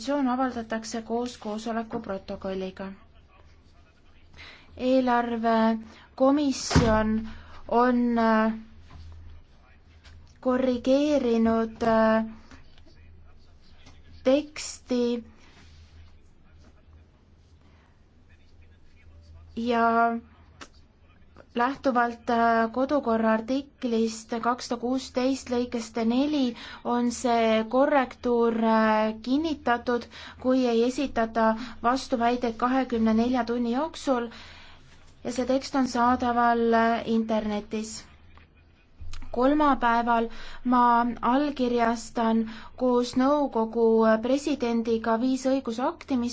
petitsioon avaldatakse koos koosoleku protokolliga. eelarvekomisjon on äh, korrigeerinud äh, teksti ja lähtuvalt äh, kodukorra artiklist kakssada kuusteist lõikest neli on see korrektuur äh, kinnitatud, kui ei esitata vastuväideid kahekümne nelja tunni jooksul ja see tekst on saadaval äh, internetis. kolmapäeval ma allkirjastan koos nõukogu presidendiga viis õigusakti, mis